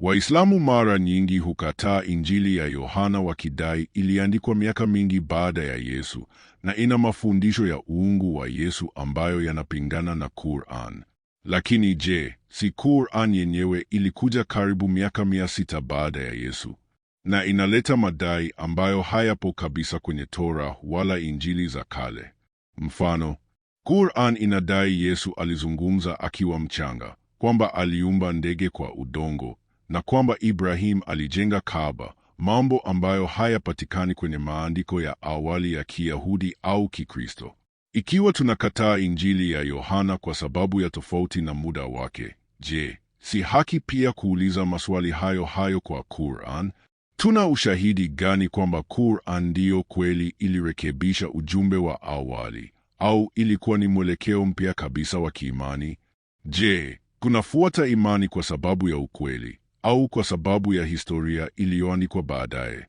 Waislamu mara nyingi hukataa Injili ya Yohana wakidai iliandikwa miaka mingi baada ya Yesu na ina mafundisho ya uungu wa Yesu ambayo yanapingana na Qur'an. Lakini je, si Qur'an yenyewe ilikuja karibu miaka mia sita baada ya Yesu na inaleta madai ambayo hayapo kabisa kwenye Tora wala Injili za kale? Mfano, Qur'an inadai Yesu alizungumza akiwa mchanga, kwamba aliumba ndege kwa udongo na kwamba Ibrahim alijenga Kaaba, mambo ambayo hayapatikani kwenye maandiko ya awali ya Kiyahudi au Kikristo. Ikiwa tunakataa Injili ya Yohana kwa sababu ya tofauti na muda wake, je, si haki pia kuuliza maswali hayo hayo kwa Qur'an? Tuna ushahidi gani kwamba Qur'an ndiyo kweli ilirekebisha ujumbe wa awali au ilikuwa ni mwelekeo mpya kabisa wa kiimani? Je, kunafuata imani kwa sababu ya ukweli au kwa sababu ya historia iliyoandikwa baadaye.